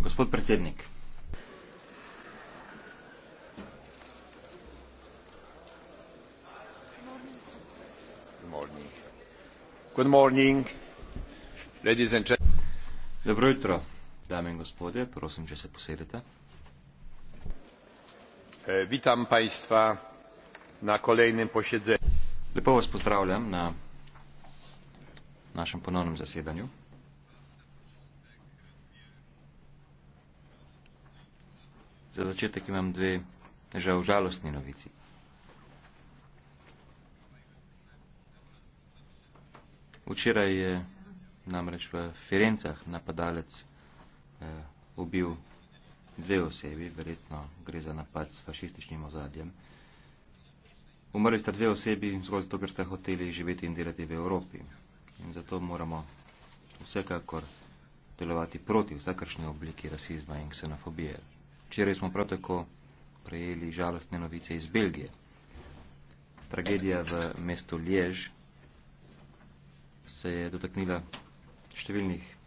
gospod predsednik dobro jutro dame in gospodje prosim če se posedete vitam e, państwa na kolejnem posedzeniu lepo vas pozdravljam na našem ponovnem zasedanju Za začetek imam dve žal žalostni novici. Včeraj je namreč v Firencah napadalec eh, ubil dve osebi, verjetno gre za napad s fašističnim ozadjem. Umrli sta dve osebi zgolj zato, ker sta hoteli živeti in delati v Evropi. In zato moramo vsekakor delovati proti vsakršni obliki rasizma in ksenofobije. Včeraj smo prav tako prejeli žalostne novice iz Belgije. Tragedija v mestu Liež se je dotaknila številnih